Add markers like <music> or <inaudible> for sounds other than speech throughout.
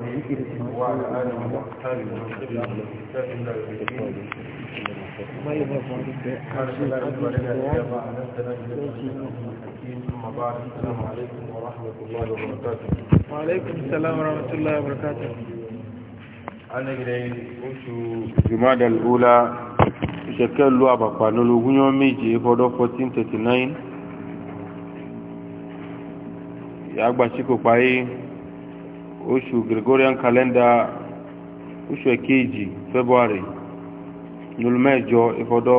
وعلى آله وأصحابه ومن تبعهم بإحسان إلى يوم الدين السلام عليكم ورحمة الله وبركاته وعليكم السلام ورحمة الله وبركاته أنا إليه كنت جماد الأولى شكل لوا بابا نلوغن يوميجي فدو 1439 يا أكبر شكو بايه oṣù gregorian calendar oṣù èkejì february nulmẹjọ ìfọdọ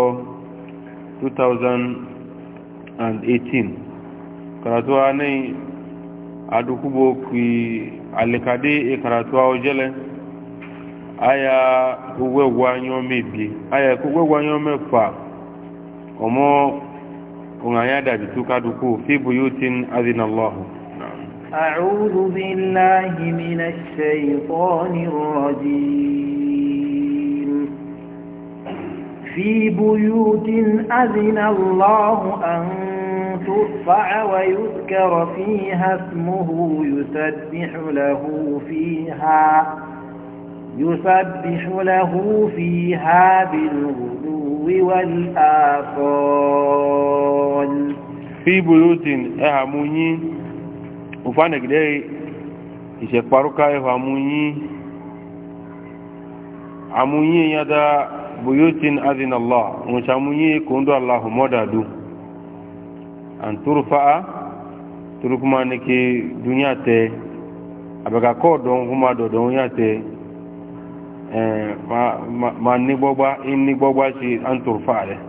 2018 karatuwa ní adukubo kì alikade ìkaratuwa e ojẹ́lẹ̀ aya owóẹ̀wọ̀ anyọ́ mẹ́bí aya owóẹ̀wọ̀ anyọ́ mẹ́fà ọmọ òun àyàdàbí tó kádùkú fíbù yóò ti ń أعوذ بالله من الشيطان الرجيم في بيوت أذن الله أن ترفع ويذكر فيها اسمه يسبح له فيها يسبح له فيها بالغدو والآصال في بيوت أعموني ufanegide ìṣẹ̀parúká ẹ̀họ̀ àmúyín àmúyín yádá buyutin amunyi wọn ṣàmúyín kòndó aláhùn mọ́dàdú àn turufa'a turukuma ní kí dúnyà tẹ àbẹ̀kàkọ́ ọ̀dọ̀n kúmà dọ̀dọ̀n yà tẹ ma nígbọ́gbá in nígbọ́gbá ṣe àn turufa'a rẹ̀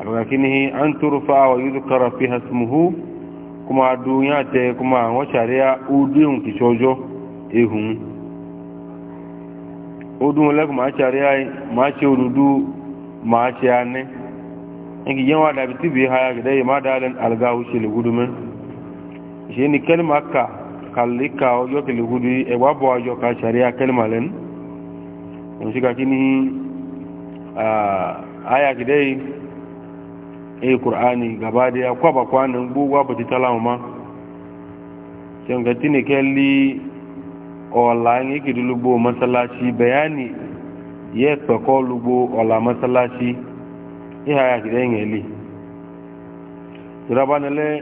àbẹ̀kàkí ní àn turufa'a wà yóò kọ́ra fi hasmuhu kuma adu ya kuma won sharia udun ki sojo ehun odun le kuma sharia ma che odudu ma che ane ngi yewa da biti bi haya gida ma dalan alga shi lugudume shi ni kalma ka kallika o yo ki lugudu e wa bo ajo ka sharia kalma len on shi kini ah aya gida eh qur'ani gaba ya kwaba kwanan gbogbo ba ta talamu ma can ga tini kelli ola ne ke lugbo masallaci bayani ya kpako lugbo ola masallaci iha ya gidan yali rabanale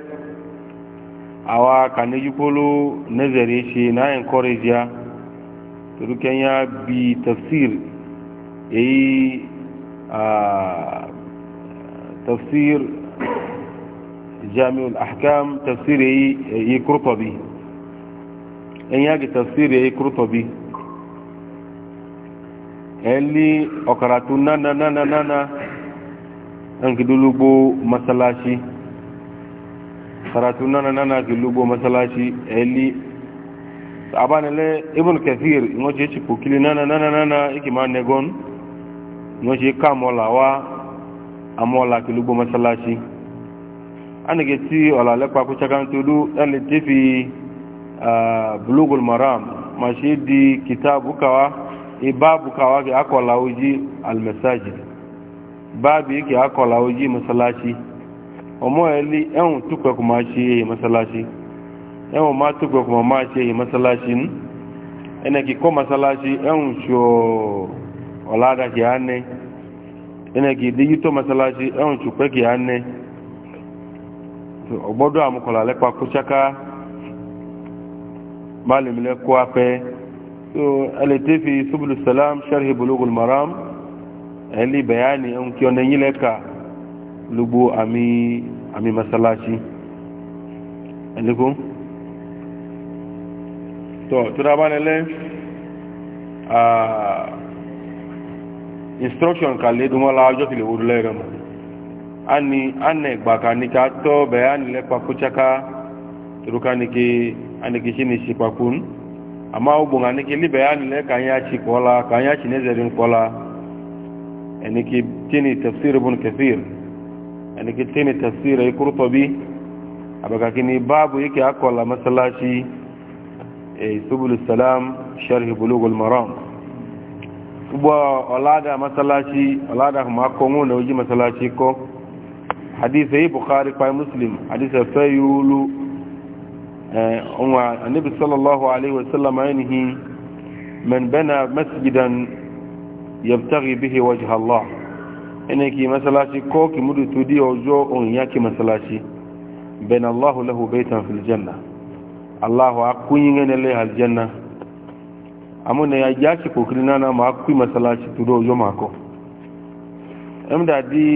awa kaniji kolo nazari shi na encourage ya turuken ya bi tafsir eyi a tafsir jami'ul ahkam tafsir yi kurtobi in yagi tafsir yi kurtobi ẹni ọ̀kàràtú nánà ẹnkìdúlúgbò masalashi karatu nana nana ki lugo masalashi eli abanele ibn kathir ngoje ci kukili nana nana nana iki manegon ngoje kamola wa amọ́la kìlúgbọ́ mọ́sálásí a nìkẹ tí ọ̀làlẹ́pàá kó ṣakantolú ẹni tí fi bulugul maram ma ṣe di kìtà bukawa ibá bukawa kì akọ̀lá ojí almẹ́sájì masalasi. kì akọ̀lá ojí mọ́sálásí ọmọ ẹ̀lí ẹ̀hùn túpẹ̀kù máa ṣe èyí mọ́sálásí ẹ̀hùn máa túpẹ̀kù máa ṣe èyí mọ́sálásí ẹnẹ̀kì kọ́ mọ́sálásí ẹ̀hùn ṣọ́ ọ̀làdàkì á ní ẹnẹ́gì díyí tó masalasi ẹ̀hùn tù pẹ́kì á nẹ́ ọgbọ́dọ̀ àmukọ̀lá lẹ́pa kó ṣáká bálẹ̀mílẹ̀ kó apẹ́ ẹlẹ́tẹ́ fi subúlù salam sharhi bulugul maram ẹ̀lì bẹ̀yàní ẹ̀hùn kí ọ̀nà yín lẹ́ka lugbo àmì àmì masalasi ẹ̀lẹ́kùn tó tó dábàá nílẹ̀ àà instruction ka le dun wala ọjọ́ ti le wúru lẹ́rẹ̀ mọ́ ani ana ìgbàka ni ka tọ́ bẹ́ẹ̀ ani lẹ́ kpakú tsaka turuka ni ke anike si ni si kpakú nu ama wo gbọ̀n anike li bẹ́ẹ̀ ani lẹ́ kanya tsi kọ́ la kanya tsi ne zẹ̀rin kọ́ la anike tini tafsir bun kẹsir anike tini tafsir ekuru tọ́bi abakaki baabu yi ke masalasi ee subulu salam sharhi bulugul maram gbọ́ ọ̀làdà masalasi ọ̀làdà kò máa kọ́ ń wọnà ojú masalasi kọ́ hadith eyi bukhari pa muslim hadith fẹ́ yúlu ọ̀nwà anabi sallallahu alayhi wa sallam ayanihi man bana masjidan yabtaghi bihi wajha allah ẹni kì í masalasi kọ́ kì múdu tó di ọjọ́ òun yá masalasi bẹ̀rẹ̀ allahu lahu baitan fil janna allahu akunyin ẹni lẹ́yìn aljanna. amuna ya jaki kokiri nana ma kui masalaci tudo yo mako emda di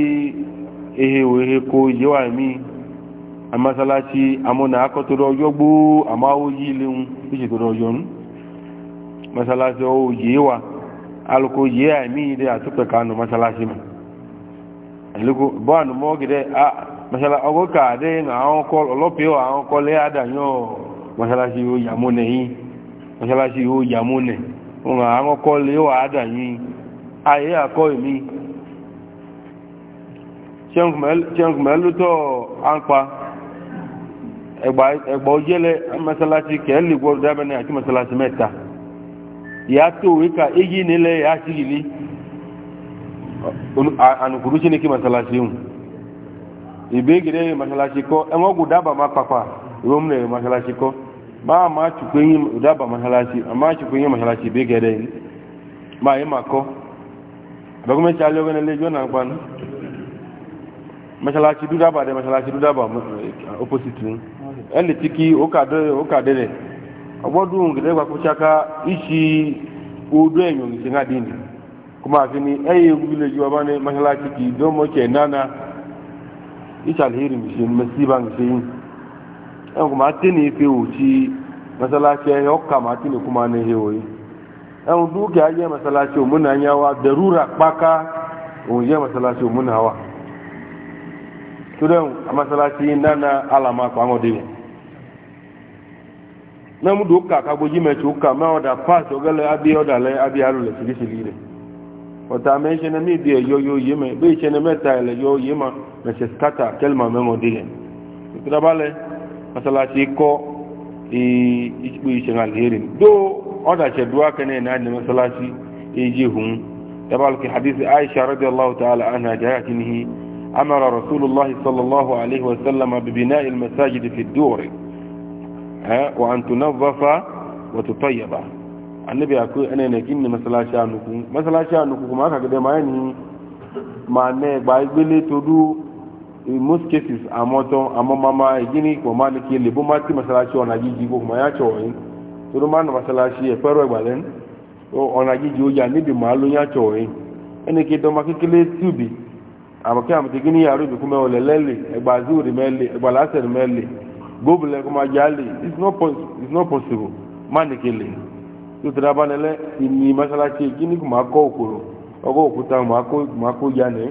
ehe wehe ko yewa mi a masalaci amuna ako tudo yo gbo ama oyi leun iji tudo yo nu masalaci o yewa aluko ye ami de ka kanu masalaci ma aluko bo anu mo gide a masala ogo ka de na awon ko olope o awon ko le adanyo masalaci yo yamune yi mọ́ṣáláṣí yóò yà múnẹ̀ wọn àwọn ọkọ̀ lè wà á dà yìí ayé àkọ́ èmi ṣẹ́nkùnmẹ́ ló tọ́ àǹpa ẹgbà ojẹ́lẹ̀ mọ́ṣáláṣí kẹ́ẹ̀lì gbọ́dọ̀ dábẹ́ni àti mọ́ṣáláṣí mẹ́ta ìyá tó wíkà èyí nílẹ̀ ìyá sí ìlú ànùkùrú sí ní kí mọ́ṣáláṣí hùn ìbéèrè mọ́ṣáláṣí ba ma cikin yi da ba mahalaci amma cikin yi mahalaci bai gada yi ba yi mako da kuma shi aliyo ganin lejo na kwan mahalaci duda ba da mahalaci duda ba eh, opposite ne yan da ciki oka dere agbọdun gida gba kusa ka isi odo enyo nisi nga di ni kuma afi ni eye egwu lejo ba ne mahalaci ki domo ke nana isa alheri nisi masiba nisi yi ɛn kuma te ne fe o tsi masalasi yɛ ɔka ma te ne kuma ne he o ye ɛn du kia yɛ masalasi o muna nya wa derura kpaka o yɛ masalasi o muna wa to dɛ a masalasi nana alama kpaŋɔ de yɛ mɛmu do ka kagbɔ yi mɛ tso ka mɛ ɔda paas ɔgɛlɛ abi ɔda lɛ abi alo le silisili de ɔta mɛ etsɛnɛ mi de yɔyɔ yi mɛ bɛ etsɛnɛ mɛ ta lɛ yɔ yi ma mɛ sɛ skata kɛlima mɛ ŋɔ de yɛ to daba lɛ masalasi kɔ ee ikpe isɛn alheri do ɔdatsɛ do akɛnɛ na ne masalasi eji hun tabalki hadisi aisha radiyallahu ta'ala Ana anha jayatinihi amara rasulullahi sallallahu alaihi wa sallama bibina'i almasajidi fi duri wa an tunazzafa wa tutayyaba annabi akwai ana ne kinni masalasi anuku masalasi anuku kuma aka gade ma yani ma ne ba igbele to du in most cases amoto amomama igini ko ma ke le bo ma ti masalachi ona jiji ko ma ya cho yin eh, to do ma na masalachi e pero egbalen o ona jiji o ya ni bi ma lo ya cho yin eh. ene ke do ma ke kele tubi aboke am digini ya ru bi kuma o lelele egba zuri mele egba laser mele gobule ko ma jali it's not it's not possible ma ni kele to tra ba nele ni masalachi igini ko ma ko okoro ogo okuta ma ko ma ko ya ne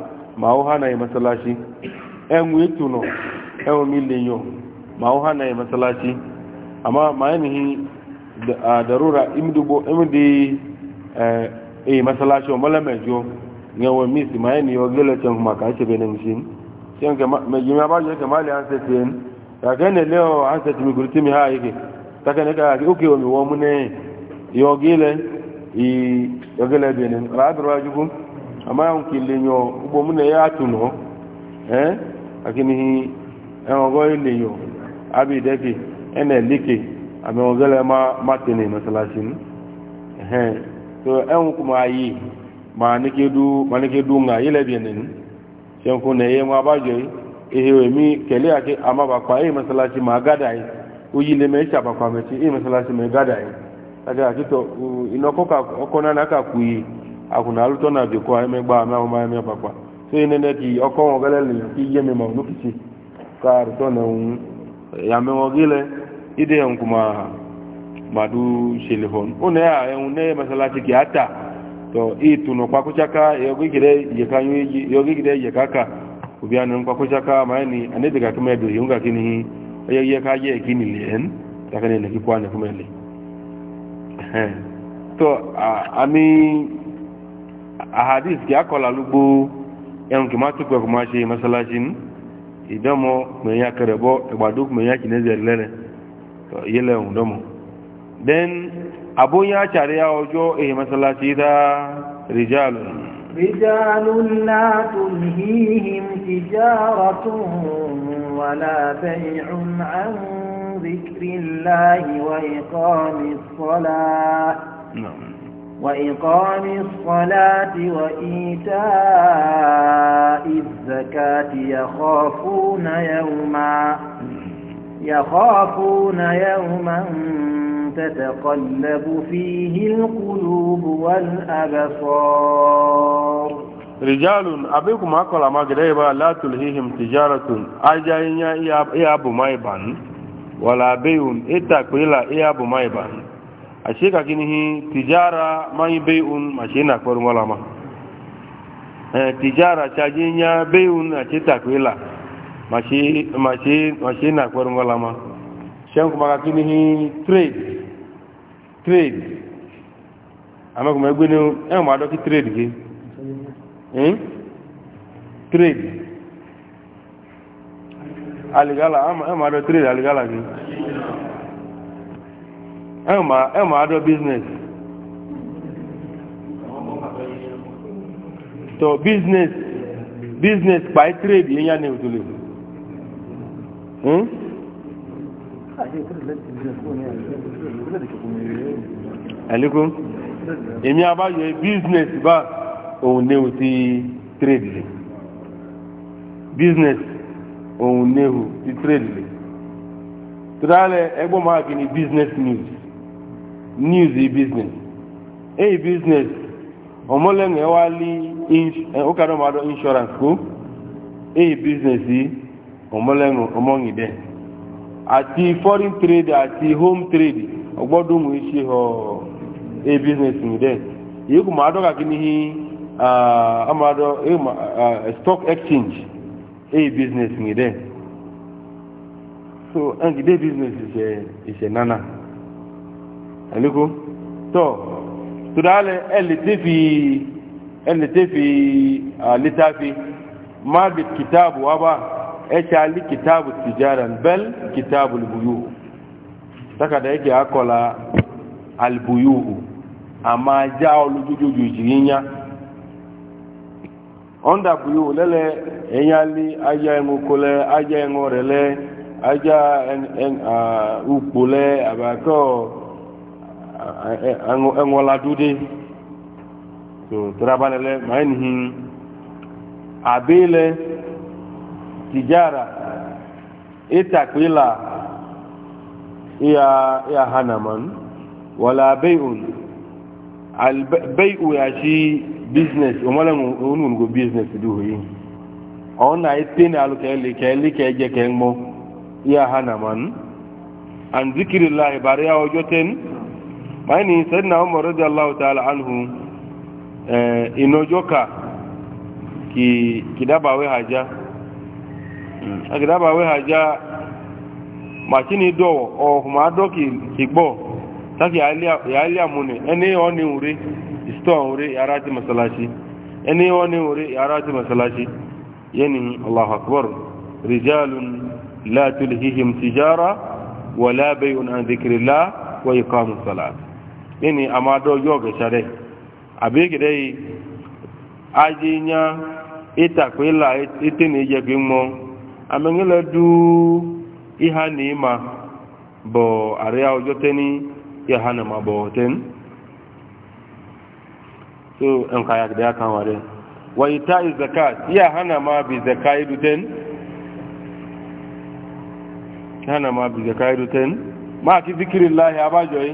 ma ha na yìí masalasi ẹ̀wọ̀n ètò nọ ẹ̀wọ̀n mi lè yọ ma ó hánà yìí masalasi àmá ma darura nìyí àdàrúra ìmìdìbò ìmìdì èyí masalasi ọmọlẹ́mẹ̀jọ ẹ̀wọ̀n mi sì ma yẹ́ nìyí ọgẹ́lẹ̀ tẹ̀ nkùmà kà ń ṣe bẹ̀rẹ̀ nìyí ṣe mẹjì mi abájọ kẹ̀ máa ha ama yon kile nyo ubo mune ya tuno eh lakini hi enogo ile yo abi deki ene liki ameogele ma matini masalashin eh, eh so en kuma yi ma nike du ma nike du nga ile bienin sen ko ne ye ma bajo ihe we mi kele ake ama ba kwa e masalashi ma gada yi uyi le me cha ba kwa me ti e masalashi me gada yi aga akito inoko ka okona na ka kuyi akuna alu na bi kɔ ɛmɛ gba ɛmɛ ɔmɔ ɛmɛ kpakpa so yi nene ti ɔkɔ wɔn kɛlɛ lɛ ki yie mi ma ɔnu kisi ka tɔna ŋu yame wɔn gi lɛ ide yɛ ŋkuma ma du sele hɔn one a ɛŋu ne yɛ masalasi ki ata tɔ itunu kpakutsaka yɔgi kiri yeka nyu yɔgi kiri yeka ka obi anu kpakutsaka ma ɛni ane deka kama do yewu kaki ni ɛyɛ yɛ ka yɛ ki ni lɛn takana yɛ neki kɔ ane kuma lɛ ɛhɛn tɔ ami ahadis kì á kọlà ló gbó ẹrùn kì máa túpẹ̀ kò máa ṣe masalasi ní ìdánmọ́ mẹ̀yà kẹrẹ̀bọ́ ẹgbàdó mẹ̀yà kìnẹ́zẹ̀ lẹ́rẹ̀ yẹlẹ̀ ohun dánmọ́ then abóyá àṣàríyá ọjọ́ èyí masalasi dá rìjálù رجال لا تلهيهم تجارة ولا بيع عن ذكر الله وإقام الصلاة نعم وإقام الصلاة وإيتاء الزكاة يخافون يوما يخافون يوما تتقلب فيه القلوب والأبصار رجال أبيكم أقل ما قريبا لا تلهيهم تجارة أجاين يا أبو مايبان ولا بيون إتاكويلا إلا يا أبو مايبان ashe ka kini hi tijara mai bayun ashe na kwarin walama eh tijara caji bayun bai'un ashe takwila mashe mashe mashe na kwarin walama shan kuma ka kini hi trade trade ama kuma egbe ni e ma do trade ge eh hmm? trade aligala ama eh, ma do trade aligala ge ẹ̀mà adọ́ business tọ́ business business by trade yẹn yá ní òtòlè ẹ̀lẹ́kùn èmi abáyọ̀ business bá òun ní òtí trade lè business òun ní òtí trade lè tó dálẹ̀ ẹgbọ́n máa kì ní business news news e business eyi business omolenge wali ukado eh, mado insurance ku eyi business yi omolenge de ati foreign trade ati home trade ogbodo mu isi ho eyi business de yi kuma ado kakini hi uh, amado uh, stock exchange eyi business de so ngide business is a, is a nana ẹ̀lẹ́kọ́ tọ́ tó dáálẹ̀ ẹ̀lẹ́tẹ́fì ẹ̀lẹ́tẹ́fì àlítàfi magid kitabu wa ba ẹ̀ṣẹ́ kitabu tijaran bel kitabu albuyu takada yake akọla albuyu a máa já olójújójú ìjìyíyá ọ́ndà buyu lẹ́lẹ̀ ẹ̀yálí ajá ẹ̀ngọ́ kọlẹ̀ ajá ẹ̀ngọ́ rẹ̀ lẹ́ ajá ẹ̀ngọ́ ukpo lẹ́ àbákọ́ ẹ̀wọ̀la dúdé tó tọ́rabalẹ̀lẹ̀ máa ń hin àbílẹ̀ tìjára ìtàkìlà ìyá hanaman wàlá bẹ́ẹ̀ùn bẹ́ẹ̀ù yà sí business omọ́lẹ́gbọ̀n business dúró yìí ọ̀nà ìtẹ́ni alùkẹ́lẹ́kẹ́lẹ́kẹ́ jẹ́ kẹ́ ń mọ́ ìyá hanaman and zikiri láì bàrí ọjọ́ tẹ́ni ani sayyidina umar radiyallahu ta'ala anhu eh inojoka ki kidabawe haja akidabawe haja machini do o ma do ki kigbo taki alia alia mune eni oni ure isto ure yara ti masalashi eni oni ure yara ti masalashi yani allahu akbar rijalun la tulhihim tijara ولا بيع عن ذكر الله وإقام الصلاة nini amado yoge sare abigire ajinya itakwila itini jegi mo amengele du iha ni ma bo area ojo teni iha na ma bo ten so en kaya gida kan ware wa ita zakat iya hana ma bi zakai duten hana ma bi zakai duten ma ki zikirillahi abajoyi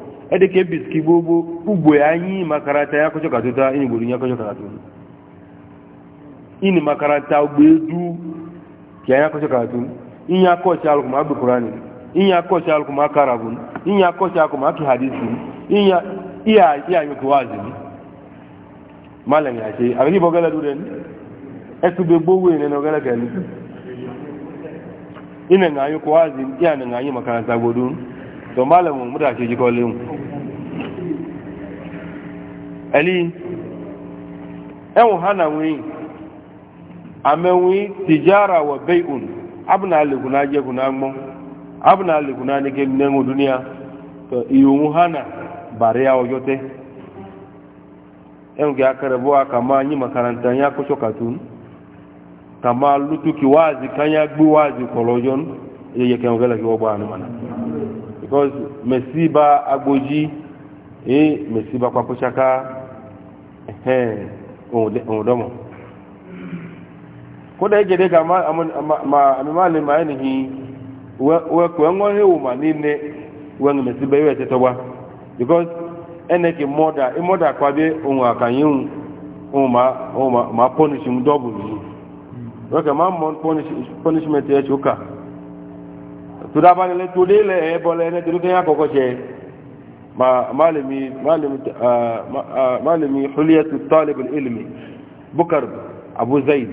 ede ka ebiski gbogbo ugbo anyị makaranta ya kọchọ katụta ya kọchọ katụta ịnị makaranta edu ya anyị akọchị alụkụma karabụ inye akọchị akụma akị hadisi inye anyị kụwazi malam ya ce abin ibo gala gbogbo yi makaranta to malamin mu da ke ji kawai e mu ali ẹwọ hana wi amẹwi tijara wa bai'un abuna alikuna jẹ kuna gbọ abuna alikuna ni ke nẹngu duniya to iyohun hana bariya ọjọ tẹ e ẹwọ kí akarẹbọ akama anyi makaranta ya kọsọ katun kama lutuki waazi kanya gbi waazi kọlọjọ yẹyẹ kẹwọn gẹlẹ kí wọn bọ ànumana. because mesiba agboji eh mesiba kwapochaka eh ohun domo ko da yake daga ma amimali ma ainihi wekwe ma niile wen mesiba iwe tetogba because eneke mọda imọda kwabe ohun akanyi ma punish mu double ni ma mọ punishment ya ụka tudaba ne le tude le ebole ne tude ya koko che ma malami malami malami huliyatu talib al-ilmi bukar abu zaid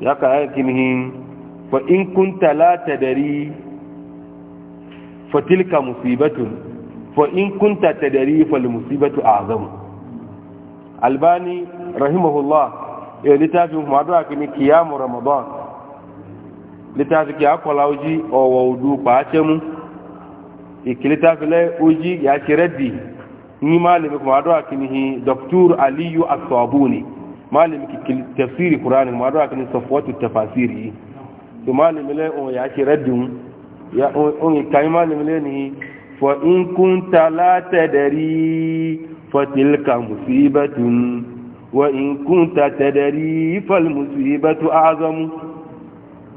ya ka yakinihi fa in kunta la tadri fa tilka musibatun fa in kunta tadri fa al-musibatu a'zam albani rahimahullah ya litafin madara kini kiyamu ramadan litafi ki akola oji owo udu pa chemu ikilitafi le oji ya kiredi ni malimi kuma ado akinihi doktor aliyu as-sabuni malimi ki tafsiri qur'ani kuma ado akini safwatu tafasiri to malimi le o ya kiredi ya o kai malimi le ni fa in kunta la tadri فتلك مصيبة وإن كنت تدري فالمصيبة أعظم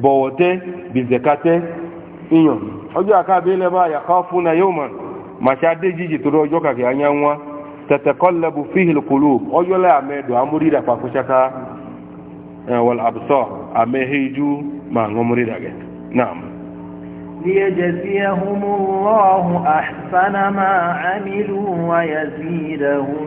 bọ̀wọ̀tẹ́ bìzẹ̀kátẹ́ ìyàn ọjọ́ àkábí lẹ́bà fún na yóò mọ̀ màṣá dé jíjì tó ọjọ́ kàkì anyá wọn tẹ̀tẹ̀kọ́ lẹ́bù fíhìl ọjọ́ lẹ́ àmẹ́dọ̀ amúrídà pàkúṣáká wọ́n àbùsọ̀ àmẹ́hẹ́jú máa ń múrídà gẹ̀ náà. ليجزيهم الله أحسن ما عملوا ويزيدهم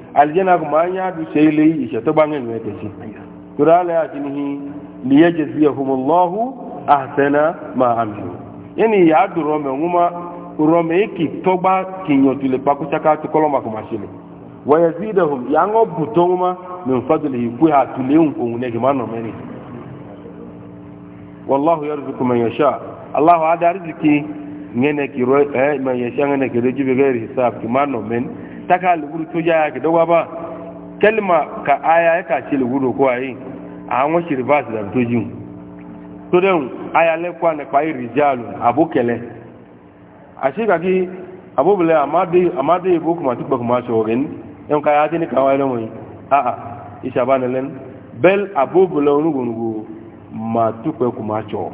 aljana kuma an ya duce ilayi ishe ta bangan mai ta ce turala ya jinihi liye jaziya humullahu ahsana ma amilu yani ya du rome nguma rome ki togba kinyo tule pakuchaka to koloma kuma shile wa yazidahum ya ngo butoma min fadlihi ku ha tule unko ne ki mano meni wallahu yarzuqu man yasha allah ada riziki ngene ki ro eh man yasha ngene ki rejibe gairi hisab ki mano meni taka luguru to ya ka dogwa ba kalma ka aya ya ka ce luguru ko ayi a won shi reverse da to jin to den aya le kwa ne pai rijalu abukele ashe ka ki abubule amadi amadi ibu kuma tukba kuma shogen en ka ya dini ka wa lo a a isha ba len bel abubule onugunugo ma tukwe kuma cho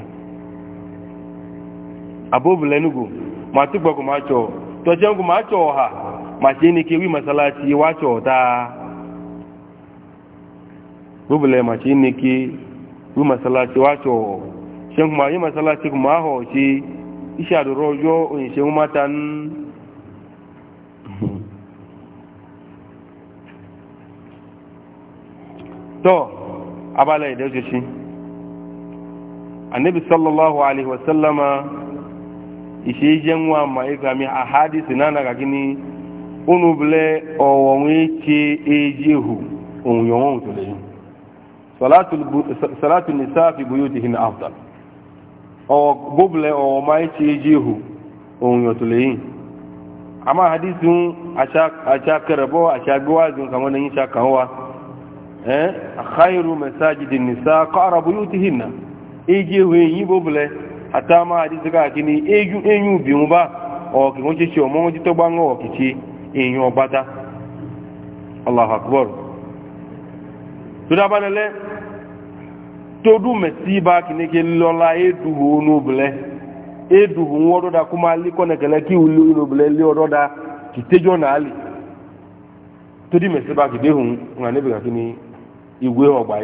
abubule nugo ma tukba kuma cho to jengu kuma cho ha mace ne ke wi masalaci wace wata rubule mace ne ke wi masalaci wace ṣe kuma yi masalaci kuma ahọ ṣe iṣẹ́ rojo ọjọ́ òyìnṣẹ́ <laughs> mata ń tọ́ abalẹ̀ ìdẹ́jọ́sí annabi sallallahu alaihi wasallama ishe jẹ́ wọn ma ikami a hadisi na na unu bile ọwọnwe ike eji ehu onwunyeonwe ntụle yi salatu nisa fi buyuti hin afdal gbobule ọwọma ike eji ehu onwunye ntụle yi amma hadisin a sha karabo a sha biwazin kamar nan yi sha kanwa eh khairu masajidin nisa qara buyutihinna eji ehu yi gbobule hatta ma hadisi ka kini eju enyu bi mu ba o ki won ti se o mo won ti to ìyìn ọgbátá allah akbar tó dábánilẹ́ bá kìnnìkì lọ́la édùhù onóbìlẹ̀ édùhù wọn kó máa lé kí ìlú onóbìlẹ̀ lé ọdọ́dá kìtẹ́jọ́ náà lè tó dìmẹ̀ sí bá kìdéhùn ńlá níbi kàkí ìwé ọgbà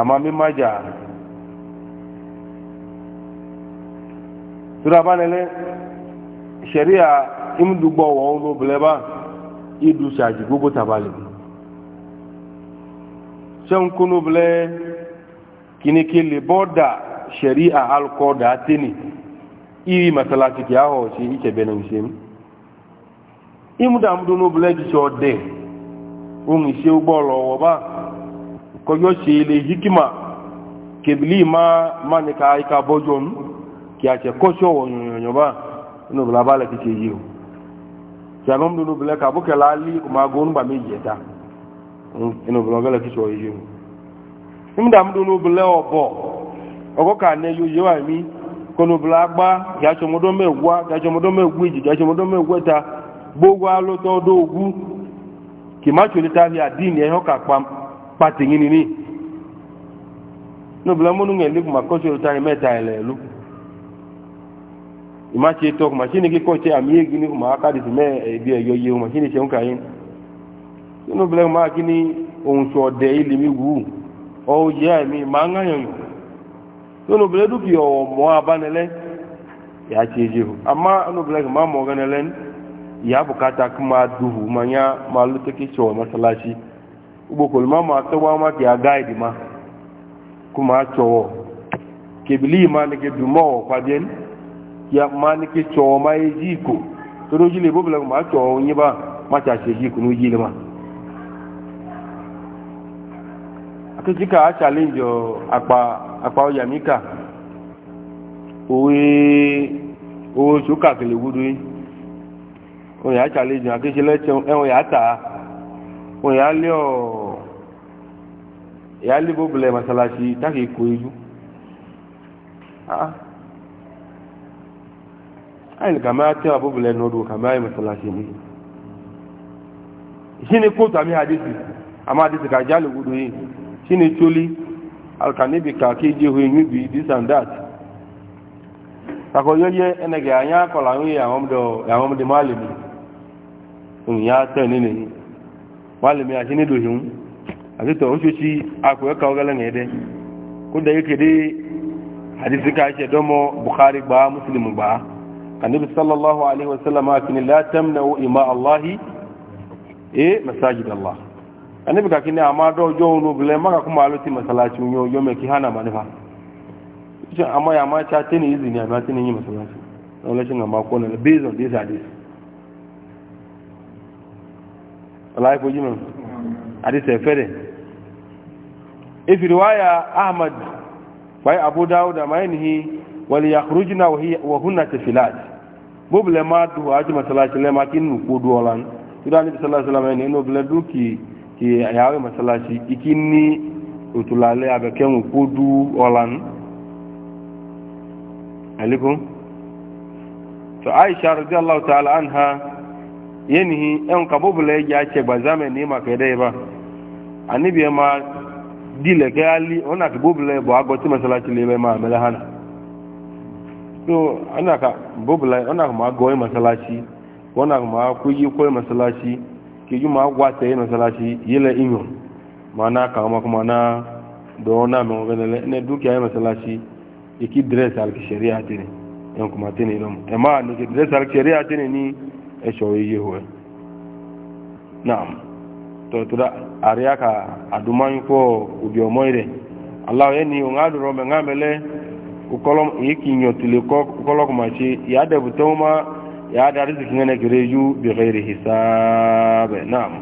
àmà àmà turabanele sheria imdugbo wọn ló bilẹba idu ṣaaji gbogbo tabali ṣẹun kunu bilẹ kinikili bọda sheria alkọda tini iri masalasi kì á họ ṣe ìṣẹ̀bẹ̀nà ṣe mú imudamudunu bilẹ ṣiṣẹ́ ọdẹ ohun ìṣe gbọ́ọ̀lọ̀ ọ̀wọ́ba kọjọ́ ṣe ile hikima kebili ma ma nika ika bọ́jọ́ kí a ṣe kọ́ṣọ́ wọ̀nyọ̀nyọ̀ bá inú bìlá bá lẹ́kì ṣe yìí o ṣe àgbọ̀n dunu bìlẹ̀ ká bó kẹlẹ́ alí ọmọ ago nígbà méjì ẹ̀ta inú bìlá ọgẹ́lẹ̀ kí ṣe ọ̀yẹ́ yìí o nígbà dunu bìlẹ̀ ọ̀bọ̀ ọkọ̀ kà ní ẹyọ yẹ wà mí kọ́nu bìlá gbá kí a ṣe ọmọdọ́ mẹ́wàá kí a ṣe ọmọdọ́ mẹ́wàá èjì kí a ṣe ọmọdọ́ mẹ́wàá gbogbo alótọ́ ọdọ́ ogún kì má ṣòlẹ̀ tá fi àdínì ẹ̀họ́ kà pa tèyí nìní níbi lọ́mọ́nú yẹn ima ce tok machine ki ko ce am ye gini ma ka di me e eh, bi e yoye machine ce on kayin no ble ma kini on so de ili mi wu o ye mi ma nga yo yo no ble du ki o mo abanele ya ce je amma no ble ma mo ganelen ya bukata kuma duhu manya malu take ce wa masalaci ubo kolma ma ta wa ma ki a guide ma kuma a kebili ma ne ke dumo wa kwadiyani ya manike cewa ma ya ji ko turu jile bo bula ma cewa wani ba ma ta ce ji kunu jile ma aka jika a challenge apa apa o yamika o owe suka kele wudu yi o ya challenge aka se lẹsẹ o ya ta o ya lé ọ ya lé bo bula masalasi taki ko eju ah ayin kama tẹ wa bubulẹ n'odu kama ayin masalasi ni sini kóòtù àmì hadisi àmà hadisi kà jálè yìí sini tsoli alikanibi kà kéde hu yìí bi this and that kakọ yẹyẹ ẹnẹgẹ anya kọlà ń yẹ àwọn ọmọdé àwọn ọmọdé mọ́àlìmí ònyà tẹ nínú yìí mọ́àlìmí àti ní dòhìn àti tọ̀ oṣooṣi akọ ẹ̀ka ọgẹlẹ̀ yẹn dẹ kó dẹ̀ yẹ kéde hadisi kà ẹ̀ṣẹ̀ dọ́mọ bukhari gbàá muslim gbàá annabi sallallahu alaihi wasallam akini la tamna'u ima allahi e masajid allah annabi ka kini ama do jo no ble maka kuma aluti masalaci nyo yo me ki hana manifa shi ama ya ma cha tini izini ama tini yi masalaci na wala shin ama ko na based on this hadith wallahi ko jimin hadith e fere if riwaya ahmad wa abu dawud ma yanhi wal yakhrujna wa hunna tafilat bóbulẹ̀ máa dùn àti masalasi lẹ́ẹ̀ máa kí nù kó dùn ọ̀la nígbà níbi salasi lamẹ́ ní inú bilẹ̀ dùn kì kì àyàwó masalasi ikí ní òtúlalẹ́ abẹ́kẹ́hùn kó dùn ọ̀la nù. alikun to aisha radiyallahu ta'ala anha yenihi en ka bóbulẹ̀ yà cẹ gbazamẹ́ ní màkẹ́dẹ́ yìí bá anibi ẹ̀ máa dìlẹ̀ kẹ́ ali ọ̀nà àti bóbulẹ̀ bọ̀ àgọ́tí masalasi lè bẹ́ máa mẹ́lẹ́ hànà. to ana ka bobula ana ma goyi masalaci wana ma kuyi koyi masalaci ke yi ma gwata yi masalaci yila inyo mana ka ma kuma na do na mo bene ne dukiya yi masalaci iki dress al sharia tene en kuma tene dom e ma ne ke dress al sharia tene ni e so yi ho e. na'am to to da ariya ka aduman ko ubi omoire allah yani o ngaduro me ngamele ukolom yiki nyotule ko kolok ma ci ya da butoma ya da riziki ngana gireju bi ghairi hisab na'am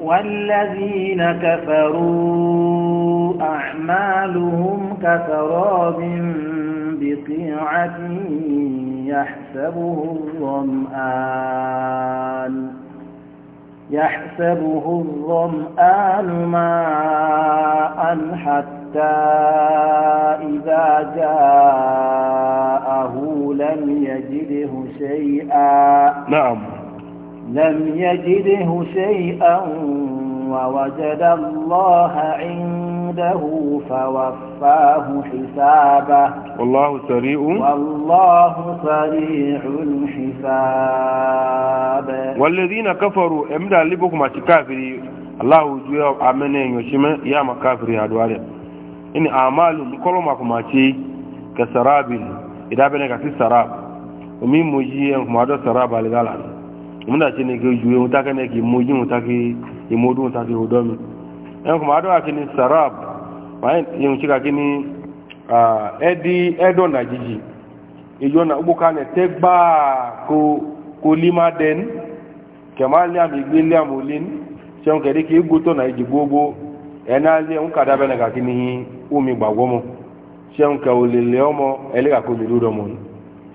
والذين كفروا أعمالهم كسراب بقيعة يحسبه الظمآن يحسبه الظمآن ماء حتى حتى إذا جاءه لم يجده شيئا نعم لم يجده شيئا ووجد الله عنده فوفاه حسابه والله سريع والله سريع الحساب والذين كفروا امدا لبكم اتكافري الله يجوا امنين يشما يا مكافري هذول ini amalu kolon ma kuma ce ka sarabin idan bane ka sarab umi moji en kuma do sarab al gala muna ce ne ke juye muta ka ne ke moji muta ke imodu muta ke hodomi en kuma do ake sarab ma yin cika kini a edi edo na jiji ijo na ubu kane te gba ko ko lima den kemal ya mi gbele amolin se on kere ke guto na iji gbogbo ẹ̀nà alẹ́ ń kàdábẹ́ nà kàkí ní Eh, umi gbàgbọ́ mọ́ sẹ́nkà òlèlè ọmọ ẹlẹ́gàkó lè lórí ọmọ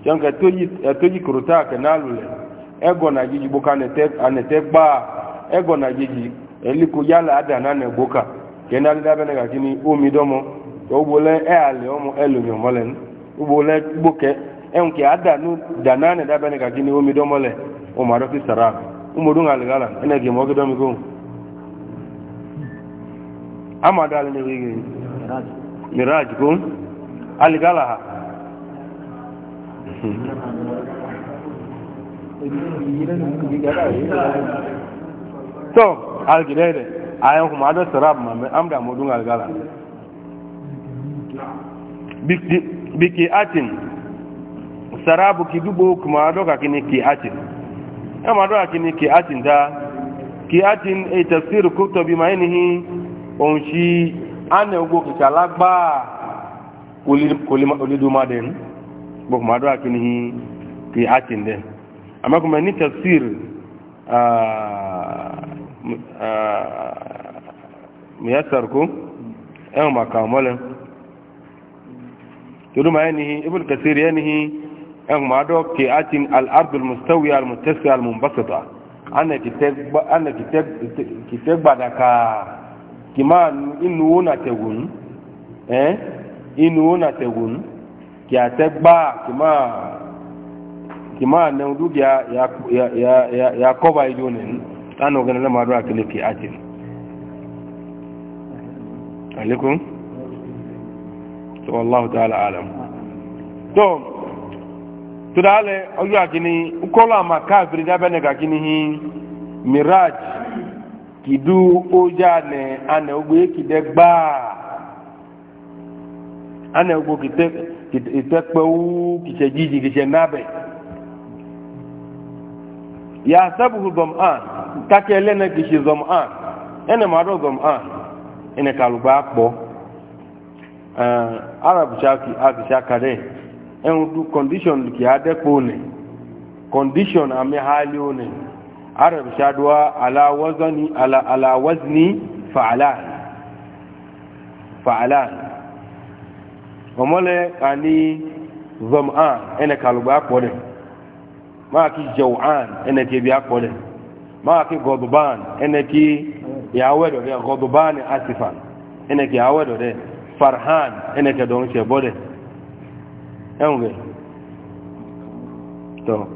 sẹ́nkà tójì kòrótà kẹ̀nàlù lẹ̀ ẹgọ̀ nà jíjì gbóka ànẹ̀tẹ́ gbà ẹgọ̀ nà jíjì ẹlẹ́kọ yálà àdànà nẹ̀ gbóka kẹ̀nàlù dábẹ́ nẹ̀ kàkí ni omi dọ́mọ ọgbọ́lẹ́ ẹ̀ àlẹ́ ọmọ ẹlòmí ọmọ lẹ́nu ọgbọ́lẹ́ gbókẹ́ ẹnkẹ́ àdànù dànà nẹ̀ dábẹ́ nẹ̀ kàkí ni omi dọ́mọ lẹ̀ ọmọ àdọ́kì sàrà ọmọ ọdún àlẹ́gàlà ẹnẹ́gẹ̀mọ́ kí dọ́mi kóhùn amadu alẹ́ nẹ̀ miraj ko aligalaha so, algidere ayan kuma ado sarab ma amda modun algala biki atin sarabu ki dubo kuma ado ka kini ki atin ama ado kini ki atin da ki atin e tafsir kutubi mainihi onshi ana ugbo kìkà lágbàá olídùmáden gbogbo àdúrà kí ni kì á ti ndẹ àmọ́kùnmọ̀ ní tafsir miyasarku ẹ̀hùn e maka mọ́lẹ̀ tòdúmọ̀ ẹni ibùn kẹsìrì ẹni ẹ̀hùn e mọ́ àdọ́ kì á ti al'adul mustawi al-mutasi al-mumbasata ana kìtẹ́gbàdàkàá kìmáà inúwó nà tẹ̀gùn ẹ́ inúwó nà tẹ̀gùn kì àtẹ́gbà kìmáà ya ya dúkìá yà ya ìjọ nìyí tánà ọ̀gẹ́nà lẹ́mọ̀ àdúrà kìlẹ̀ kì ati. alaikum tó wallahu ta'ala alam tó tó dáálẹ̀ ọjọ́ àkíní kọ́lọ̀ àmà káàkiri dábẹ́nẹ̀ kàkíní mirage kidu oja ne ana ogbe kide gbaa ana ogbo kite kite kpewu kise jiji kise nabe ya sabuhu zoman kake elene kise zoman ene mado zoman ene kaluba akpo uh, eh, arab shaki akisha kare en du condition ki ade kpone condition ame hali one arab shaduwa ala wazani ala ala wazni fa'ala fa'ala omole ani zam'an ene kaluba akpode ma ki jaw'an ene ki bi akpode ma ki godban ene ki yawe do de godban asifan ene ki yawe do de farhan ene ke don che bode enwe to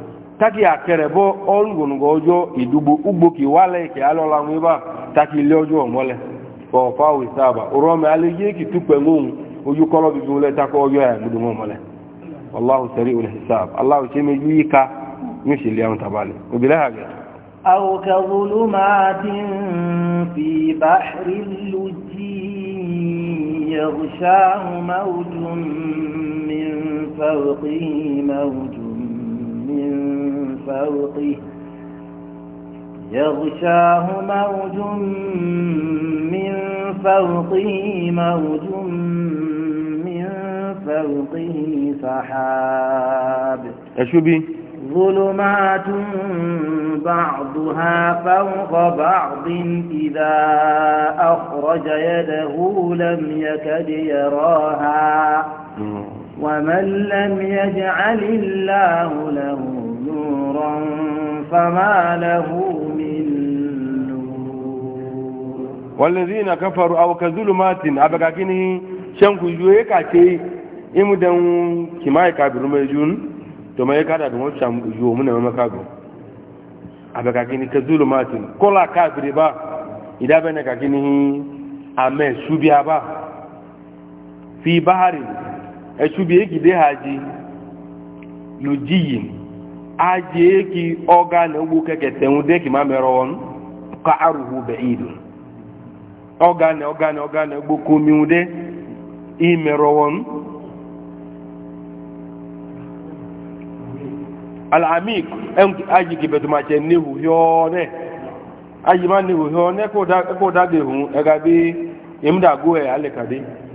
taki akẹrẹbọ ọlùgbònùgbò ọjọ ọrụ ugbòkè wálẹ ìkẹ alọla ń wíwá taki ilé ọjọ ọmọlẹ ọfà wìsáàbà rọmẹ alẹyé kìtú pẹngóhùn ojú kọlọ bìbí wọlé takọ ọjọ ẹ gbọdọmọ ọmọlẹ allahu sari olè hisaab allahu من فوقه يغشاه موج من فوقه موج من فوقه سحاب أشبي ظلمات بعضها فوق بعض إذا أخرج يده لم يكد يراها ومن لم يجعل الله له نورا فما له من نور والذين كفروا أو كظلمات أبقاكينه شنكو يويكا كي إمدن كما يكابر ميجون ثم يكاد أدوان شام يومون ومكابر أبقاكينه كظلمات كل كافر با إذا بنكاكينه أمين سوبيا با في بحر echubi egide ha ji n'ojiyi aji eki ọga na ugbo kekete nwude ki ma mere ọnụ ka arụhụ be idu ọga na ọga na ọga na ugbo komi nwude imere ọnụ alhamik aji ki betumache nnehu hione aji ma nnehu hione ka ụda ga-ehu ega bi ya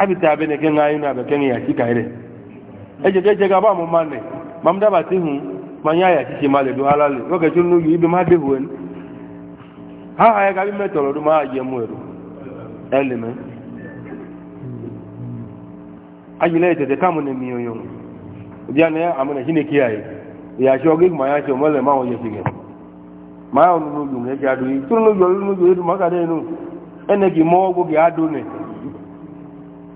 abita abe ne kenga yuna abe kenga ya chika ile eje eje ga ba mu mane mamda ba ti hu manya ya chichi male do halale oge chunu yi bi ma de huen ha ha ya ga bi metoro do ma ye mu eru ele me ajile tete kamu ne miyoyo bia ne amune hine kiyaye ya shogi ma ya cho mole ma oye chige ma onu nu yunge ga do yi tunu yo nu yo ma ka de nu ene ki mo go ga do ne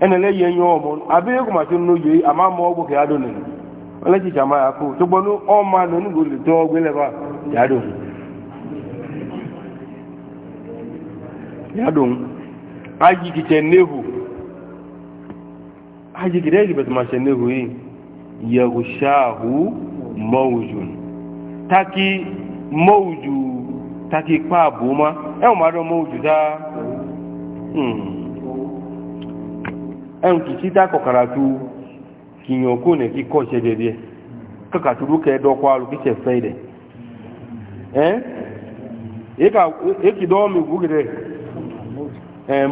enele ihe nye ọmụ abịghị egwụmachi n'oge ama ma ọgwụ ka ya do nere elechicha ma ya kụ tụgbọnụ ọma na onugbo lite ọgwụ eleba ya do ya do ajikiche nehu ajikide egi betụmache nehu yi yegushahu mọwujun taki mọwuju taki kpa abụma enwe mmadụ mọwuju taa hmm. en ki cita ko karatu kinyoko ne ki ko shede de ka ka turu ke do kwa lu ki che fede eh e ka e ki do mi gugire eh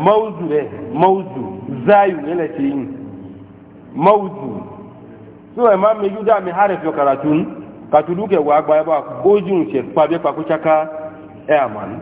so e ma mi juda mi haref yo karatu ka turu ke wa gba ba ojun che amani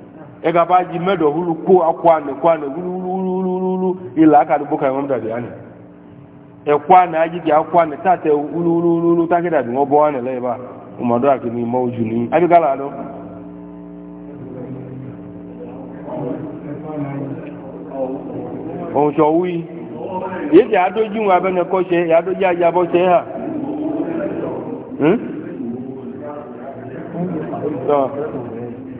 ega ba ji medo hulu ko akwane kwane wululululu ila aka dubo kan wanda da yani e kwane aji ki akwane ta te wululululu ta kida bi ngobo ne le ba umado aki ni mawju ni abi gala do ohun so wi ye ti adoju wa be ne ko se ya doju aja bo se ha hm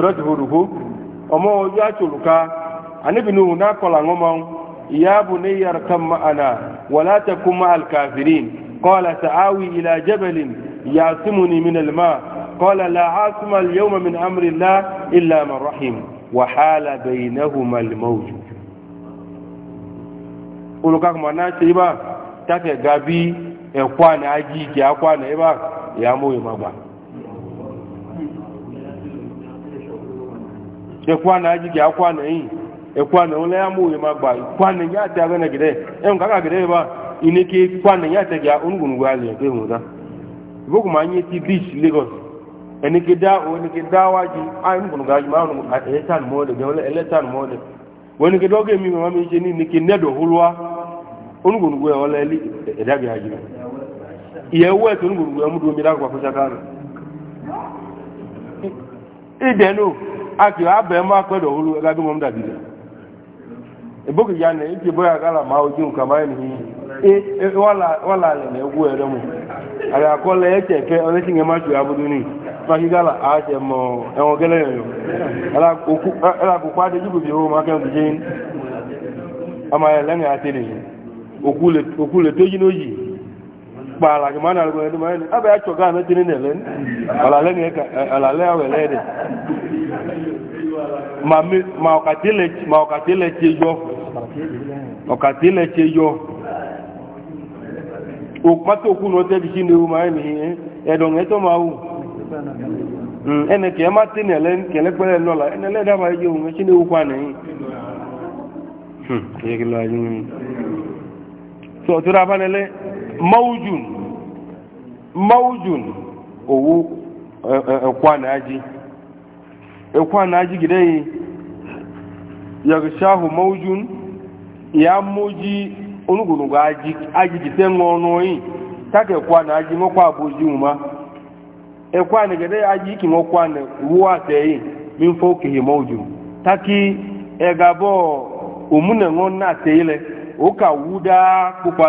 surati hudu ko ọmọ ojú àtúrùka anibinu náà kọlà ń mọ ìyá bu ní yàrá kan ma'ana wàlá ta kuma alkafirin kọlà sa'awi ila jabalin ya sumu ni min alma kọlà la asuma yawma min amrila illa man rahim wa hala bainahuma almawju uluka kuma na ce ba take gabi ekwa na aji ki akwa na ba ya moye magba ekwa na aji ga akwa na eyi ekwa ole ya mu ma gba ya ta na gide e nka ka gide ba ini ki ya ta ga ungun gwa le ke mu bo kuma anyi ti beach lagos eni ki da o eni da e tan de ole ele tan ma mi ni nedo hulwa gwa ole li e da ga ji wo e gwa mu do mi a abẹ mọ akpẹdọ wolo ẹka bí wọn dàbí dẹ eboke ya nẹ eke bóyá kala ma ojú nǹkan báyìí nìyí e wàlà lẹnẹ ewu ẹ dẹmu àti ma ẹtẹ fẹ ọlẹsìn ẹ má tu abudu ni fàkì kala àti ẹmọ ẹwọn kẹlẹ yẹn yọ ẹlẹ àkókò adé dùkú bi owó má kẹ́ ama oku le kpala gị ma na ndị mmadụ abịa achọ gaa na tiri na-ele alale ga eke, alale ya wele dị ma mi ma ọkati le ma ọkati le okwu na ọtẹ bi e e hmm, e na ewu ma ẹni ẹdọn ẹtọ ma wu ma na maujun maujun owu e, e, ekwa na aji ekwa na aji gidai yagshahu maujun ya moji onugunugu aji aji jite ŋɔnɔ yi take ekwa na aji ŋɔkwa aboji ma ekwa na gidai aji ki ŋɔkwa na wuwa tɛyi min fɔ kehe maujun taki egabɔ omuna ŋɔ na tɛyi lɛ o ka wu daa kpokpa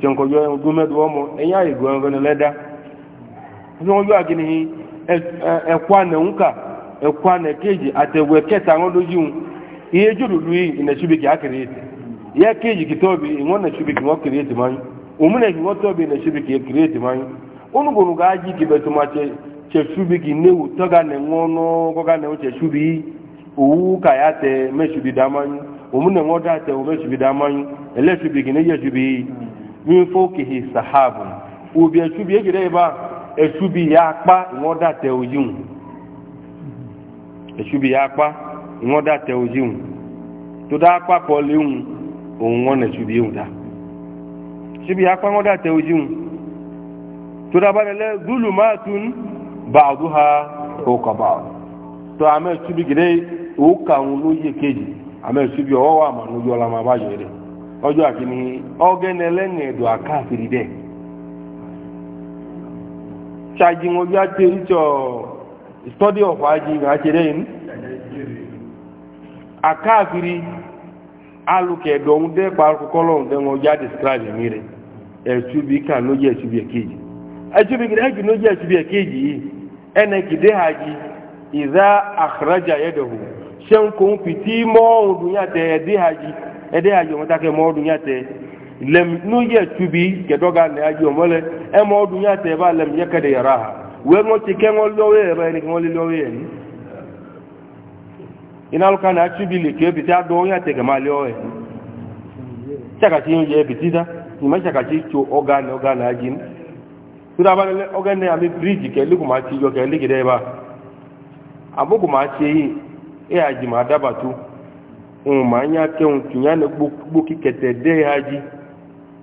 tsenko yɔ ɛŋ gome do ɔmo ɛnyɛ ayi ni fɛnɛ da agini hi ɛ e, ɛkɔ e, e anɛ ŋuka ɛkɔ anɛ keji dzo kiri ya keji bi ŋɔ nɛtsu bi ŋɔ kiri ete manyi omu nɛtsu ŋɔ bi kiri ete manyi onugonu ka adzi kibɛ tuma na ewu bi na newu tɔga nɛ ŋɔnɔ kɔga nɛ owu ka ya tɛ mɛtsu bi omu na ŋɔ da tɛ o mɛtsu bi da manyi ɛlɛtsu bi min Obi sahabun ubi etubi egire ba etubi ya akpa wọn da tẹ ojihun etubi ya akpa wọn da tẹ ojihun To dá akpa kọ léhun òun na etubi ehun da etubi ya akpa wọn da tẹ ojihun tó dá balẹ̀ lẹ dúlù máa to bàdú ha òkà bàdú o àmọ́ etubi gire òkà òun ló yẹ kéjì àmọ́ etubi ọwọ́ àmọ́ lójú ọlọ́mọ abájọ rẹ̀. ọjọ́ ní ọgẹ́nẹ lẹ́nu ẹ̀dọ̀ afiri dẹ̀ ṣáàjì wọn bí a ti rí tọ study of ajì ìgbà ṣe dẹ́yìn àkáàkiri alùkẹ̀dọ̀ ń dẹ́ parukọ́ lọ́hùn dẹ́ wọn já describe ẹ̀mí rẹ̀ ẹ̀kejì ẹ̀kejì yìí ẹnẹ kìdé ìdá àkàràjà fìtí mọ́ yàtẹ̀ ede ya jọmọ take mọ eme yàtẹ lẹm nu yẹ tubi kẹdọga lẹ ajọ mọlẹ ẹ mọ ọdún yàtẹ bá lẹm yẹ kẹdẹ yàrá ha we ŋọ ti kẹ ŋọ lọwọ yẹ bá ẹni kẹ ŋọ lé na yẹ ni iná lóka náà tubi lè ké bìtí adọ ọyàn tẹ ke máa lé ọ yẹ tsakasi yẹ yẹ bìtí dá ìmọ tsakasi tso ọga ní ọga náà jí ni tóra bá lẹ ọga náà àmì bíríìjì kẹ ti ohun ma nya kẹun tìyàn ní gbókí kẹtẹ ha ji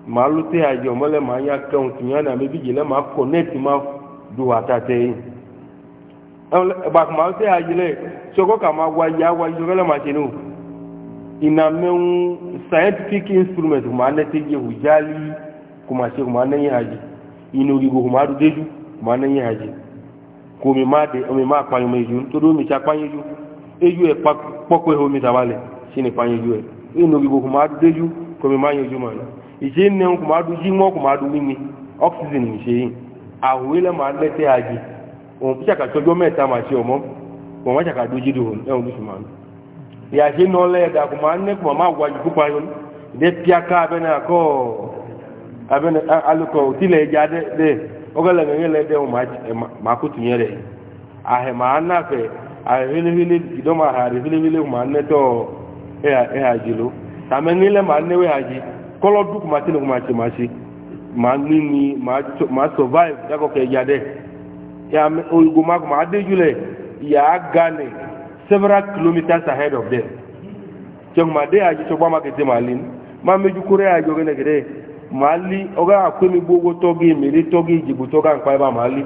ma ló ha ma nya kẹun tìyàn na àmì ma kọnẹtì ma do àtàtẹ ma ló ha jí lẹ sọkọ kà ma wá yá wá yí ma ṣe ní o ìnà scientific instrument kò ma nẹtẹ yẹ kò ma ṣe kò ma nẹyìn ha jí ma ma ha jí kò mi ma de omi má apanyọmọ ìjú shine fanyo juwe ino gibo kuma deju ko mi manyo juma na ije ne kuma du jingo kuma du mini oxygen ni se awele ma lete aji o pisa ka tojo meta ma se omo ko ma ka du jidu on e o du suman ya se no le da kuma ne kuma ma wa ju kuma yon de pia ka be na ko abene aluko tile jade de ogala ngele de o e ma ma kutu ahe ma na fe ahilihili idoma hari hilihili to e haji lo tame ni le ma ne we haji kolo duk ma tinu ma ti ma si ma ni ni ma ma survive da ko ke ya de ya o gu ma ma de jule ya gane several kilometers ahead of them jong ma de haji to ba ma ke ti ma lin ma me ju kure haji o ge ne gere ma li o ga ku mi bu go to gi mi ri to gi ma li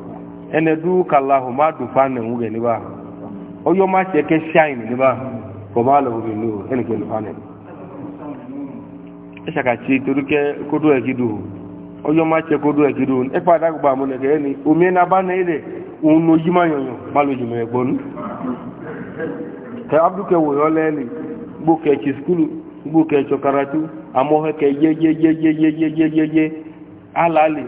enedu du kallahu ma du fanne wuge ni ba o ma ni ba ko ma lo wuge lu ene ke fanne esa ka chi e ma e e ba ma karatu ke alali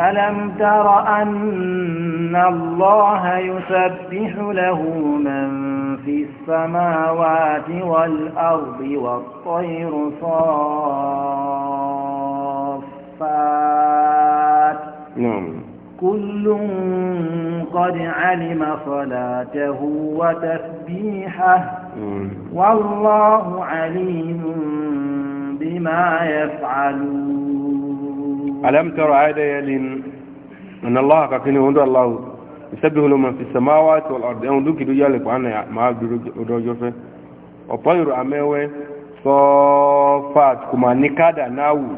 ألم تر أن الله يسبح له من في السماوات والأرض والطير صافات نعم كل قد علم صلاته وتسبيحه نعم. والله عليم بما يفعلون alam tara ayatan an allah ka kini hundu allah yusabbihu lahu man fis samawati wal ardi an duki du yale ko anna ma du do jofe o payru amewe so fat kuma nikada nawu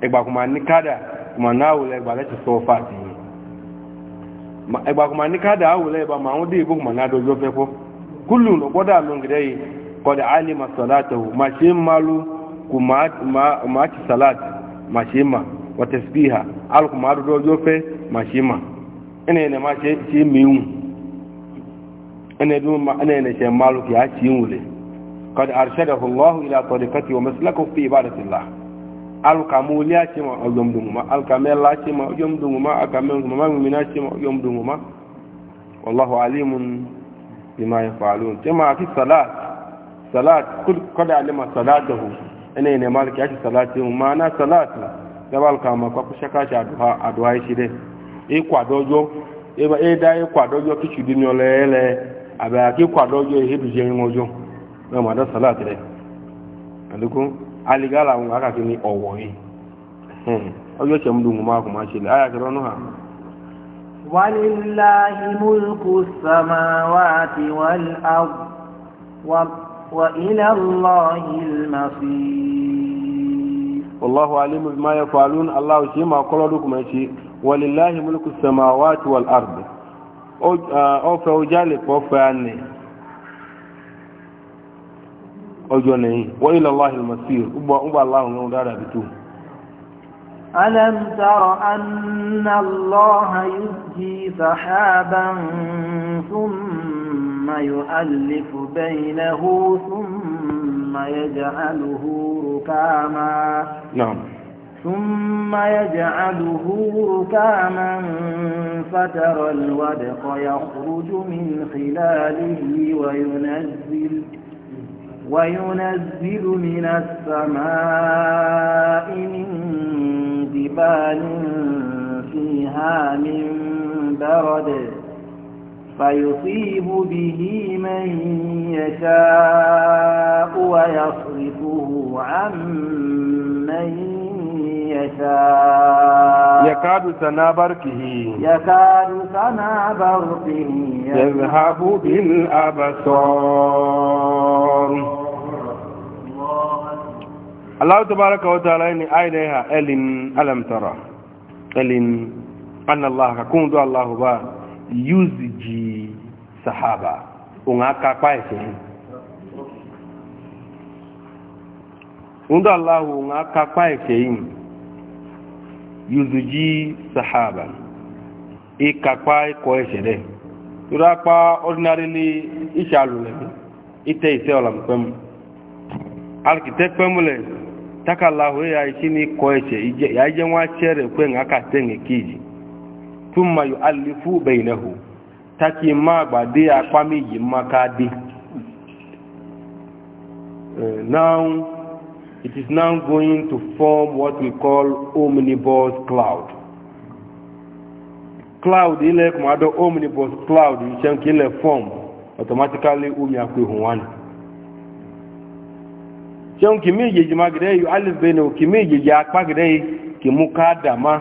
egba kuma nikada kuma nawu le egba lati so fat egba kuma nikada awu le egba ma won de ibo kuma na do jofe ko kullu no boda lo ngire yi qad alima salatahu ma shimmalu kuma ma ma salat ma shimma wa tasbiha alukuma adodo ojo fe ma se ma ene ene ma se se miun ene du ma ene ene se malu ki a ti wule qad arshadahu allah ila tariqati wa maslakahu fi ibadati allah alukamu li a se ma ojom dunguma alkamela se ma ojom dunguma akamenguma ma mumina se ma ojom dunguma والله عليم بما يفعلون كما في الصلاة صلاة كل قد علم صلاته أنا إنما لك صلاته ما أنا صلاته gabal kama kwa kushaka cha adwa adwa ishide ikwadojo eba eda ikwadojo kichudi nyolele abe akikwadojo ehidu jengojo na mada salat re aliko aligala un aka kini owo yi hmm ojo chemdu nguma kuma aya ha والله عليم بما يفعلون الله شيء ما قالوا لكم شيء ولله ملك السماوات والأرض أو فوجالك وفاني أجوني وإلى الله المصير أبا الله نودارا بتو ألم تر أن الله يزجي سحابا ثم يؤلف بينه ثم ثم يجعله ركاما نعم ثم يجعله ركاما فترى الودق يخرج من خلاله وينزل وينزل من السماء من جبال فيها من برد فيصيب به من يشاء ويصرفه عن من يشاء يكاد سنا بركه يكاد سنا بركه يذهب بالأبصار الله تبارك وتعالى أيديها ألن ألم ترى ألم أن الله كون الله بار use sahaba ụmụaka kakpa eke ndo allah ụmụaka kakpa eke in use sahaba i kakpa iko eke akpa tura kpa ordinarily ishalu le ite ite olam kwem alikite kwem le ya isi ni ko eke ya ije nwa chere kwen aka tenge iji túnmà yóò alifu bẹ̀yìnàhù tákì máa gbàdé apá méjì máa ká uh, now it is now going to form what we call omnibus cloud cloud ilẹ̀ kùmà dọ́ omnibus cloud ìṣẹ́ kí ilẹ̀ form automatically omi àpè hùn wá ni ṣẹ́un kì méjèèjì máa gẹ̀dẹ́ yìí alif bẹ̀yìnàhù kì méjèèjì apá gẹ̀dẹ́ yìí kì mú máa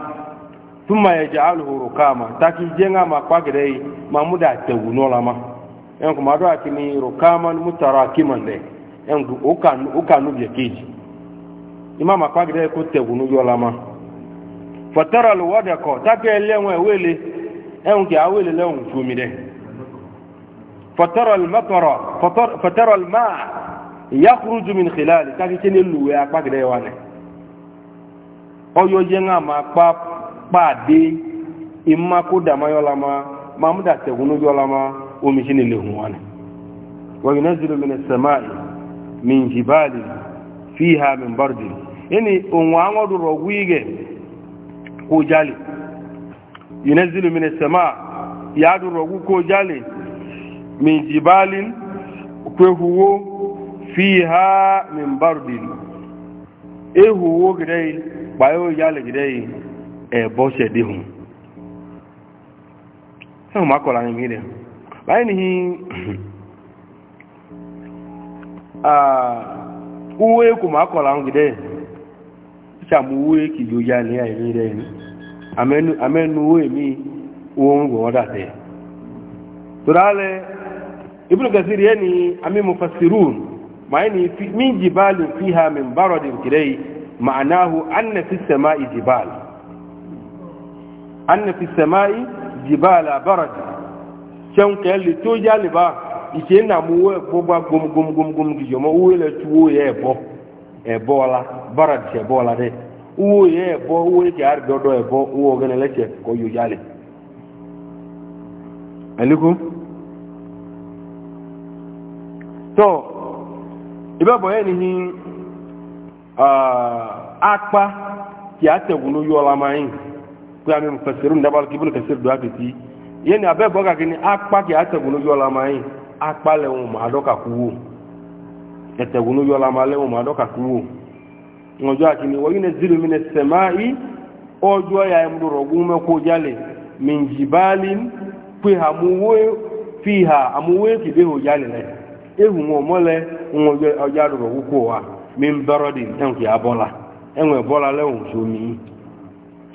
tuma ya ja aluhu rukama taki jenga ma kwagire ma muda tewu no lama en kuma do akini rukama mutarakiman de en du ukan ukanu bi keji imama kwagire ko tewu no yo lama fatara al ma oyo jenga ma kpaade imma ko dama yolama mamuda tegunu yolama omisini lehunwane wa yunazzilu min as-sama'i min jibalin fiha min bardin yani onwango du rogwige ko jali yunazzilu min as-sama'i yadu rogu ko jali min jibalin kwe huwo fiha min bardin ehuwo gidai bayo jali gidai ẹ̀bọ́ṣẹ̀ déhùn ẹ̀hùn má kọ̀lá ní ìrìn báyìí ni <clears throat> ah, uwe kò má kọ̀lá ń gidẹ́ ìṣàmù uwe kì yóò yá ní àìrí rẹ̀ ní amẹ́nu uwe mi ohun gbọ̀wọ́ dàtẹ̀ tó dálẹ̀ ibùdó kẹsì rí ẹni amímọ̀ fasirun báyìí ni mí anna anna fi samai jibala barad cɛn kɛ le to jali ba ise na mu wo ɛbɔ ba gom gum gom gom gi jɔmɔ wo le tu wo yɛ ɛbɔ ɛbɔ la barad cɛ bɔ la dɛ wo yɛ ɛbɔ wo yɛ kɛ ari dɔdɔ ɛbɔ wo gɛnɛ lɛ cɛ kɔ yo jali aliku tɔ i bɛ bɔ yɛ ni hin aa akpa kì á tẹ̀wù ló yọ kpe ame mufassiru kibul kasir do abe boga kini akpa ki ategunu yola mai akpa le un ma do ka kuwo etegunu yola ma le ma do ka kuwo ngojo min as-sama'i ojo ya mduro gume ko jale min jibalin kwe hamuwe fiha amuwe ho jale le mo mole ngojo wa min abola enwe bola le so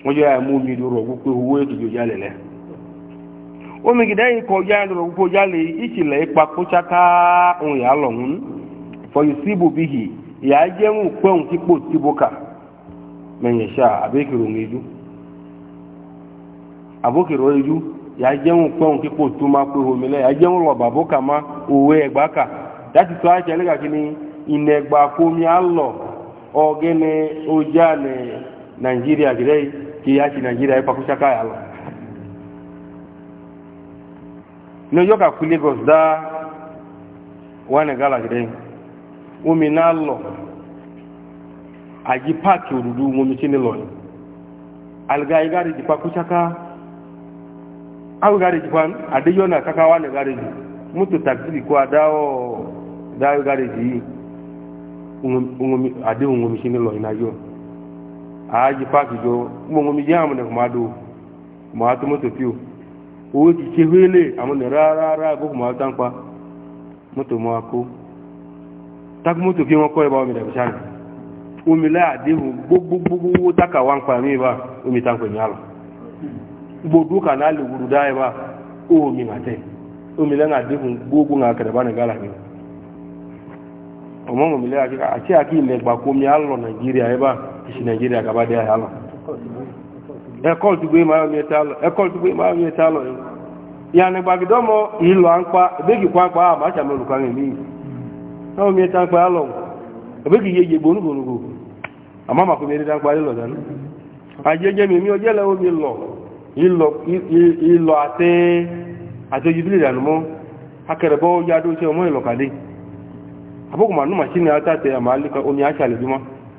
wọ́n yọ àmú mi lórọ̀ gbogbo owó èdòdó jálẹ̀ lẹ́ omi gidá yìí kọ yá lórọ̀ gbogbo jálẹ̀ ìtìlẹ̀ ipa kó ṣáká òun yà á ń fọyì síbò bí hì ìyá jẹ́hùn pẹ́hùn kípò síbò kà mẹ̀yìn ṣá àbẹ́kẹ̀rọ ń ejú àbókẹ̀rọ ejú ìyá jẹ́hùn pẹ́hùn kípò tó pé omi lọ bàbó má ìnẹ̀gbà ọ̀gẹ́ni ní nàìjíríà kí yá sí nàìjíríà ipa kúṣá káyà lọ ní ọjọ́ kàkú lagos dá wà ní gala jẹ́ omi náà lọ àjí páàkì òdúdú omi tí ní lọ ní alga igárèjì pa kúṣá ká áwùgárèjì pa àdéyọ́nà wà ní gárèjì mọ́tò tàkìtì kó adáwọ̀ dáwùgárèjì yìí àdéhùn omi tí ní lọ ní ayọ́ aji paki jo mo mi jam ne ma do ma to mo to piu o ti che hele amu ne ra ra ra go ma tan pa mo to mo ako tak mo to ki won ko e ba mi da bisan o mi la de hu gbogbo gbogbo taka wan pa mi ba o mi tan ko ni alo gbogbo ka na le wuru dai ba mi ma mi la na de hu ne gala ni ọmọ mọ̀mílẹ́ àti àkí ìṣì nigeria kaba dé àyà lọ ẹkọl tó gbé máa mi ta lọ ẹkọl tó gbé máa mi ta lọ yàní gbàgídọ́mọ ìlọ àǹpa ebéèkì kó àǹpa àmà àṣàmì olùkọ́ àwọn èmi náà mi ta àǹpa lọ ebéèkì yé yé gbónúgbónúgbò àmọ́ àmàkùn mi rí ta àǹpa lọ dáná àjẹjẹ mi mi ọjẹ́ lẹ́wọ́ mi lọ ìlọ àti àti ojúbílẹ̀ ìdànù ịlọ ka dị. dó iṣẹ́ ọmọ ìlọ̀kadé àbókùnmọ̀ àánú màṣínì ma ma omi àṣà lè bímọ́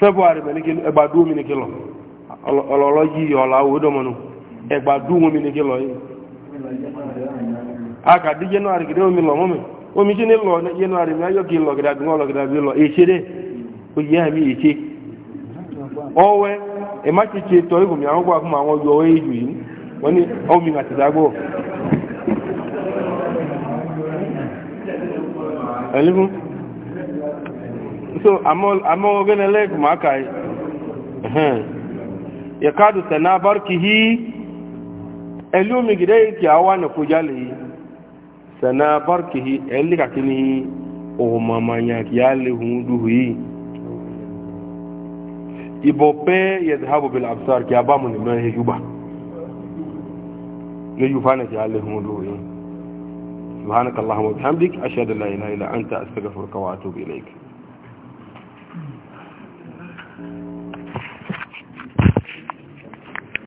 febụwarị gbado omenekilọ ọlọlọ yi ọla odomonu ẹgbàdú omenekilọ yìí a ka di january gidi omi lọ mọmi omi tí ní lọ january mi kí lọ gidi àbí wọn lọ gidi àbí lọ èṣe dẹ oyè àmì èṣe ọwẹ ẹ má ti ṣe tọ ìgbòmí ni so amma gane laifin maka yi ya kadu sana barkihi elumi gidai kyawa na kujali sana barkihi elika kini o oh, mamanya kyale hundu yi ibope yadhhabu bil absar kya ba mun ma yuba ne yufa na kyale hundu yi subhanakallahumma wa bihamdik ashhadu an la ilaha illa anta astaghfiruka wa atubu